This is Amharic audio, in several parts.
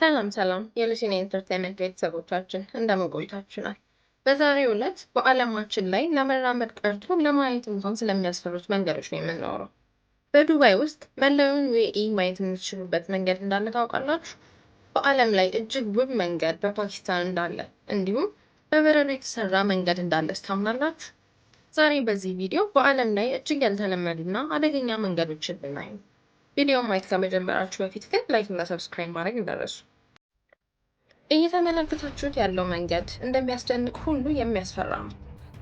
ሰላም ሰላም የሉሲን ኢንተርቴንመንት ቤተሰቦቻችን እንደመቆይታችናል። በዛሬው ዕለት በዓለማችን ላይ ለመራመድ ቀርቶ ለማየት እንኳን ስለሚያስፈሩት መንገዶች ነው የምናወራው። በዱባይ ውስጥ መለውን ዩኤኢ ማየት የምትችሉበት መንገድ እንዳለ ታውቃላችሁ። በዓለም ላይ እጅግ ውብ መንገድ በፓኪስታን እንዳለ እንዲሁም በበረዶ የተሰራ መንገድ እንዳለ ስታምናላችሁ። ዛሬ በዚህ ቪዲዮ በዓለም ላይ እጅግ ያልተለመዱና አደገኛ መንገዶችን ልናይ ቪዲዮ ማየት ከመጀመራችሁ በፊት ግን ላይክ እና ሰብስክራይብ ማድረግ እንዳረሱ። እየተመለከታችሁት ያለው መንገድ እንደሚያስደንቅ ሁሉ የሚያስፈራ ነው።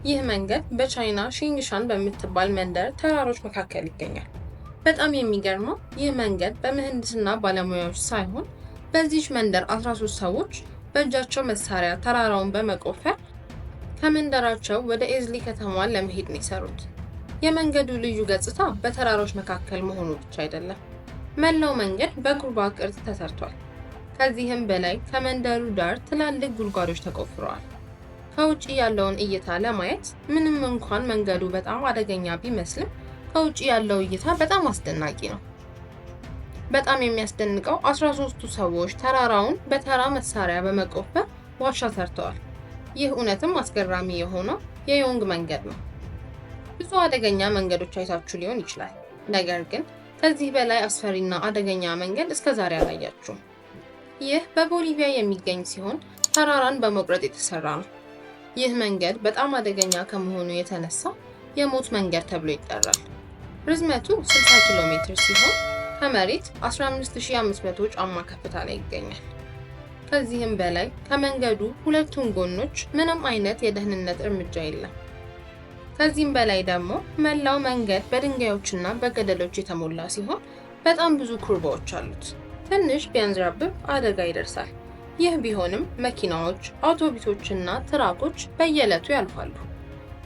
ይህ መንገድ በቻይና ሺንግሻን በምትባል መንደር ተራሮች መካከል ይገኛል። በጣም የሚገርመው ይህ መንገድ በምህንድስና ባለሙያዎች ሳይሆን በዚች መንደር 13 ሰዎች በእጃቸው መሳሪያ ተራራውን በመቆፈር ከመንደራቸው ወደ ኤዝሊ ከተማ ለመሄድ ነው የሰሩት። የመንገዱ ልዩ ገጽታ በተራሮች መካከል መሆኑ ብቻ አይደለም። መላው መንገድ በኩርባ ቅርጽ ተሰርቷል። ከዚህም በላይ ከመንደሩ ዳር ትላልቅ ጉድጓዶች ተቆፍረዋል። ከውጭ ያለውን እይታ ለማየት ምንም እንኳን መንገዱ በጣም አደገኛ ቢመስልም ከውጭ ያለው እይታ በጣም አስደናቂ ነው። በጣም የሚያስደንቀው 13ቱ ሰዎች ተራራውን በተራ መሳሪያ በመቆፈር ዋሻ ሰርተዋል። ይህ እውነትም አስገራሚ የሆነው የዮንግ መንገድ ነው። ብዙ አደገኛ መንገዶች አይታችሁ ሊሆን ይችላል። ነገር ግን ከዚህ በላይ አስፈሪና አደገኛ መንገድ እስከ ዛሬ አላያችሁም። ይህ በቦሊቪያ የሚገኝ ሲሆን ተራራን በመቁረጥ የተሰራ ነው። ይህ መንገድ በጣም አደገኛ ከመሆኑ የተነሳ የሞት መንገድ ተብሎ ይጠራል። ርዝመቱ 60 ኪሎ ሜትር ሲሆን ከመሬት 15500 ጫማ ከፍታ ላይ ይገኛል። ከዚህም በላይ ከመንገዱ ሁለቱም ጎኖች ምንም አይነት የደህንነት እርምጃ የለም። ከዚህም በላይ ደግሞ መላው መንገድ በድንጋዮችና በገደሎች የተሞላ ሲሆን በጣም ብዙ ኩርባዎች አሉት። ትንሽ ቢያንዝራብብ አደጋ ይደርሳል። ይህ ቢሆንም መኪናዎች፣ አውቶቡሶችና ትራኮች በየዕለቱ ያልፋሉ።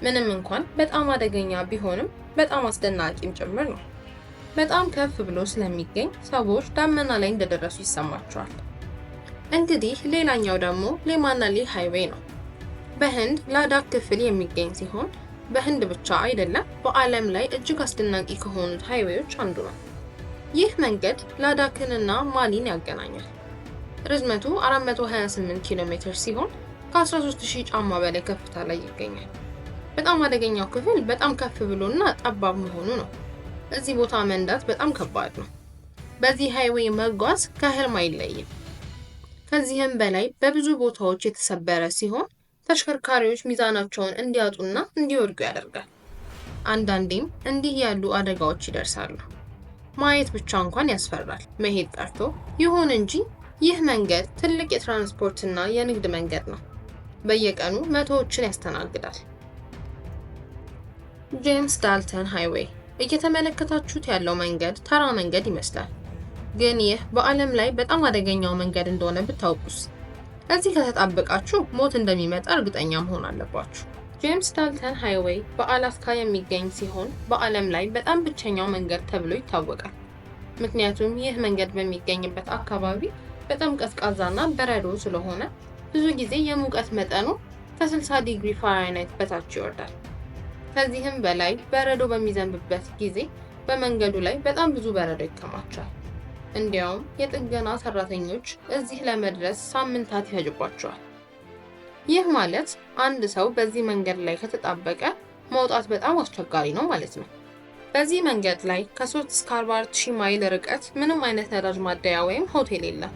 ምንም እንኳን በጣም አደገኛ ቢሆንም በጣም አስደናቂም ጭምር ነው። በጣም ከፍ ብሎ ስለሚገኝ ሰዎች ዳመና ላይ እንደደረሱ ይሰማቸዋል። እንግዲህ ሌላኛው ደግሞ ሌማናሊ ሃይዌይ ነው። በህንድ ላዳክ ክፍል የሚገኝ ሲሆን በህንድ ብቻ አይደለም በዓለም ላይ እጅግ አስደናቂ ከሆኑት ሃይዌዎች አንዱ ነው። ይህ መንገድ ላዳክንና ማሊን ያገናኛል። ርዝመቱ 428 ኪሎ ሜትር ሲሆን ከ13000 ጫማ በላይ ከፍታ ላይ ይገኛል። በጣም አደገኛው ክፍል በጣም ከፍ ብሎና ጠባብ መሆኑ ነው። እዚህ ቦታ መንዳት በጣም ከባድ ነው። በዚህ ሃይዌይ መጓዝ ከህልም አይለይም። ከዚህም በላይ በብዙ ቦታዎች የተሰበረ ሲሆን ተሽከርካሪዎች ሚዛናቸውን እንዲያጡና እንዲወድቁ ያደርጋል። አንዳንዴም እንዲህ ያሉ አደጋዎች ይደርሳሉ። ማየት ብቻ እንኳን ያስፈራል፣ መሄድ ጠርቶ ይሁን እንጂ ይህ መንገድ ትልቅ የትራንስፖርትና የንግድ መንገድ ነው። በየቀኑ መቶዎችን ያስተናግዳል። ጄምስ ዳልተን ሃይዌይ። እየተመለከታችሁት ያለው መንገድ ተራ መንገድ ይመስላል፣ ግን ይህ በዓለም ላይ በጣም አደገኛው መንገድ እንደሆነ ብታውቁስ? እዚህ ከተጣበቃችሁ ሞት እንደሚመጣ እርግጠኛ መሆን አለባችሁ። ጄምስ ዳልተን ሃይዌይ በአላስካ የሚገኝ ሲሆን በዓለም ላይ በጣም ብቸኛው መንገድ ተብሎ ይታወቃል። ምክንያቱም ይህ መንገድ በሚገኝበት አካባቢ በጣም ቀዝቃዛና በረዶ ስለሆነ ብዙ ጊዜ የሙቀት መጠኑ ከ60 ዲግሪ ፋራናይት በታች ይወርዳል። ከዚህም በላይ በረዶ በሚዘንብበት ጊዜ በመንገዱ ላይ በጣም ብዙ በረዶ ይከማቻል። እንዲያውም የጥገና ሰራተኞች እዚህ ለመድረስ ሳምንታት ይፈጅባቸዋል። ይህ ማለት አንድ ሰው በዚህ መንገድ ላይ ከተጣበቀ መውጣት በጣም አስቸጋሪ ነው ማለት ነው። በዚህ መንገድ ላይ ከ3 እስከ 44 ማይል ርቀት ምንም አይነት ነዳጅ ማደያ ወይም ሆቴል የለም።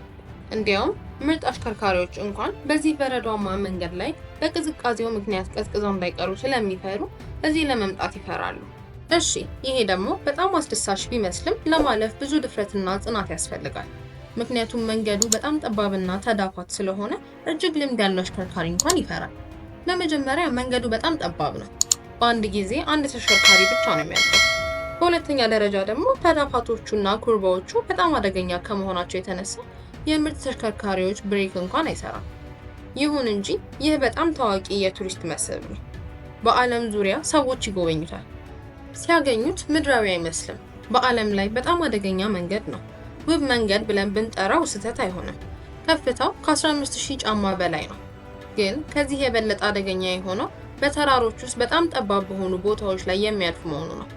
እንዲያውም ምርጥ አሽከርካሪዎች እንኳን በዚህ በረዷማ መንገድ ላይ በቅዝቃዜው ምክንያት ቀዝቅዘው እንዳይቀሩ ስለሚፈሩ እዚህ ለመምጣት ይፈራሉ። እሺ ይሄ ደግሞ በጣም አስደሳች ቢመስልም ለማለፍ ብዙ ድፍረትና ጽናት ያስፈልጋል። ምክንያቱም መንገዱ በጣም ጠባብና ተዳፋት ስለሆነ እጅግ ልምድ ያለው አሽከርካሪ እንኳን ይፈራል። ለመጀመሪያ መንገዱ በጣም ጠባብ ነው። በአንድ ጊዜ አንድ ተሽከርካሪ ብቻ ነው የሚያልፈው። በሁለተኛ ደረጃ ደግሞ ተዳፋቶቹና ኩርባዎቹ በጣም አደገኛ ከመሆናቸው የተነሳ የምርጥ ተሽከርካሪዎች ብሬክ እንኳን አይሰራም። ይሁን እንጂ ይህ በጣም ታዋቂ የቱሪስት መስህብ ነው። በዓለም ዙሪያ ሰዎች ይጎበኙታል። ሲያገኙት ምድራዊ አይመስልም። በዓለም ላይ በጣም አደገኛ መንገድ ነው። ውብ መንገድ ብለን ብንጠራው ስህተት አይሆንም። ከፍታው ከ15000 ጫማ በላይ ነው። ግን ከዚህ የበለጠ አደገኛ የሆነው በተራሮች ውስጥ በጣም ጠባብ በሆኑ ቦታዎች ላይ የሚያልፍ መሆኑ ነው።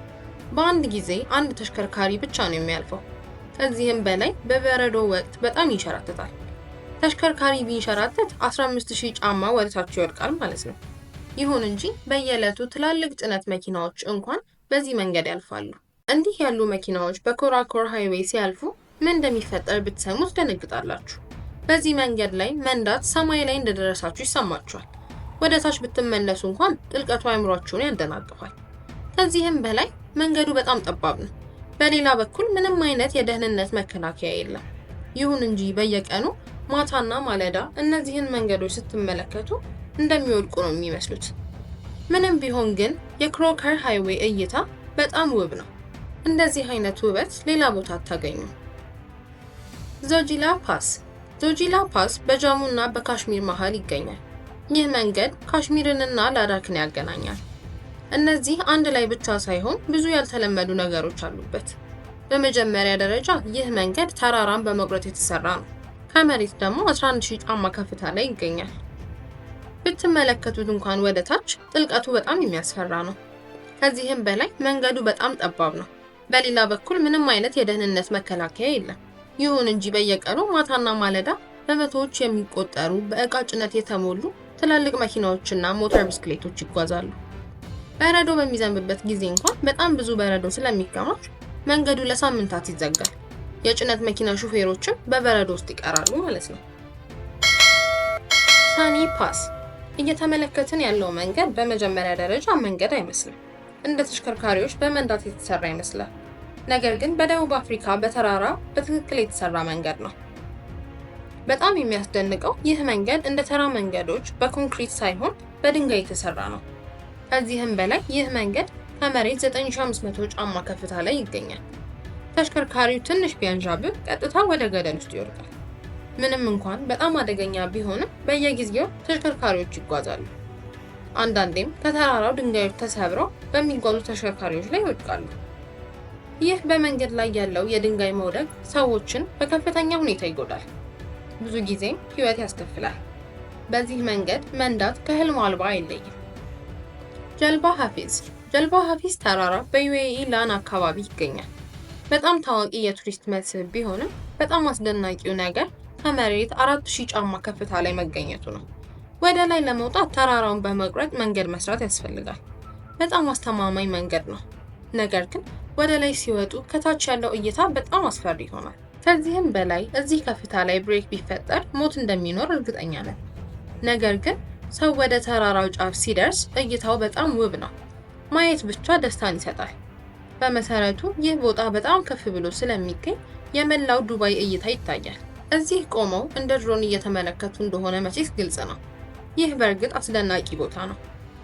በአንድ ጊዜ አንድ ተሽከርካሪ ብቻ ነው የሚያልፈው። ከዚህም በላይ በበረዶ ወቅት በጣም ይንሸራተታል። ተሽከርካሪ ቢንሸራተት 15000 ጫማ ወደታች ይወድቃል ማለት ነው። ይሁን እንጂ በየዕለቱ ትላልቅ ጭነት መኪናዎች እንኳን በዚህ መንገድ ያልፋሉ። እንዲህ ያሉ መኪናዎች በኮራኮር ሃይዌይ ሲያልፉ ምን እንደሚፈጠር ብትሰሙ ትደነግጣላችሁ። በዚህ መንገድ ላይ መንዳት ሰማይ ላይ እንደደረሳችሁ ይሰማችኋል። ወደ ታች ብትመለሱ እንኳን ጥልቀቱ አይምሯችሁን ያደናቅፋል። ከዚህም በላይ መንገዱ በጣም ጠባብ ነው። በሌላ በኩል ምንም አይነት የደህንነት መከላከያ የለም። ይሁን እንጂ በየቀኑ ማታና ማለዳ እነዚህን መንገዶች ስትመለከቱ እንደሚወድቁ ነው የሚመስሉት። ምንም ቢሆን ግን የክሮከር ሃይዌይ እይታ በጣም ውብ ነው። እንደዚህ አይነት ውበት ሌላ ቦታ አታገኙም። ዞጂላ ፓስ ዞጂላ ፓስ በጃሙና በካሽሚር መሃል ይገኛል። ይህ መንገድ ካሽሚርንና ላዳክን ያገናኛል። እነዚህ አንድ ላይ ብቻ ሳይሆን ብዙ ያልተለመዱ ነገሮች አሉበት። በመጀመሪያ ደረጃ ይህ መንገድ ተራራን በመቁረጥ የተሰራ ነው። ከመሬት ደግሞ ሺህ ጫማ ከፍታ ላይ ይገኛል። ብትመለከቱት እንኳን ወደ ታች ጥልቀቱ በጣም የሚያስፈራ ነው። ከዚህም በላይ መንገዱ በጣም ጠባብ ነው። በሌላ በኩል ምንም አይነት የደህንነት መከላከያ የለም። ይሁን እንጂ በየቀኑ ማታና ማለዳ በመቶዎች የሚቆጠሩ በእቃ ጭነት የተሞሉ ትላልቅ መኪናዎችና ሞተር ብስክሌቶች ይጓዛሉ። በረዶ በሚዘንብበት ጊዜ እንኳን በጣም ብዙ በረዶ ስለሚከማች መንገዱ ለሳምንታት ይዘጋል። የጭነት መኪና ሹፌሮችም በበረዶ ውስጥ ይቀራሉ ማለት ነው። ሳኒ ፓስ እየተመለከትን ያለው መንገድ በመጀመሪያ ደረጃ መንገድ አይመስልም። እንደ ተሽከርካሪዎች በመንዳት የተሰራ ይመስላል። ነገር ግን በደቡብ አፍሪካ በተራራ በትክክል የተሰራ መንገድ ነው። በጣም የሚያስደንቀው ይህ መንገድ እንደ ተራ መንገዶች በኮንክሪት ሳይሆን በድንጋይ የተሰራ ነው። ከዚህም በላይ ይህ መንገድ ከመሬት 9500 ጫማ ከፍታ ላይ ይገኛል። ተሽከርካሪው ትንሽ ቢያንዣብብ ቀጥታ ወደ ገደል ውስጥ ይወርቃል። ምንም እንኳን በጣም አደገኛ ቢሆንም በየጊዜው ተሽከርካሪዎች ይጓዛሉ። አንዳንዴም ከተራራው ድንጋዮች ተሰብረው በሚጓዙ ተሽከርካሪዎች ላይ ይወድቃሉ። ይህ በመንገድ ላይ ያለው የድንጋይ መውደቅ ሰዎችን በከፍተኛ ሁኔታ ይጎዳል፣ ብዙ ጊዜም ሕይወት ያስከፍላል። በዚህ መንገድ መንዳት ከህልም አልባ አይለይም። ጀልባ ሀፊዝ ጀልባ ሀፊዝ ተራራ በዩኤኢ ላን አካባቢ ይገኛል። በጣም ታዋቂ የቱሪስት መስህብ ቢሆንም በጣም አስደናቂው ነገር ከመሬት 4000 ጫማ ከፍታ ላይ መገኘቱ ነው። ወደ ላይ ለመውጣት ተራራውን በመቁረጥ መንገድ መስራት ያስፈልጋል። በጣም አስተማማኝ መንገድ ነው። ነገር ግን ወደ ላይ ሲወጡ ከታች ያለው እይታ በጣም አስፈሪ ይሆናል። ከዚህም በላይ እዚህ ከፍታ ላይ ብሬክ ቢፈጠር ሞት እንደሚኖር እርግጠኛ ነን። ነገር ግን ሰው ወደ ተራራው ጫፍ ሲደርስ እይታው በጣም ውብ ነው። ማየት ብቻ ደስታን ይሰጣል። በመሰረቱ ይህ ቦታ በጣም ከፍ ብሎ ስለሚገኝ የመላው ዱባይ እይታ ይታያል። እዚህ ቆመው እንደ ድሮን እየተመለከቱ እንደሆነ መቼስ ግልጽ ነው። ይህ በእርግጥ አስደናቂ ቦታ ነው።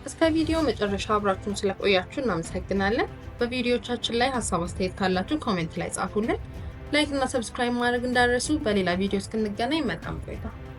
እስከ ቪዲዮ መጨረሻ አብራችሁን ስለቆያችሁ እናመሰግናለን። በቪዲዮቻችን ላይ ሀሳብ አስተያየት ካላችሁ ኮሜንት ላይ ጻፉልን። ላይክ እና ሰብስክራይብ ማድረግ እንዳደረሱ። በሌላ ቪዲዮ እስክንገናኝ መልካም ቆይታ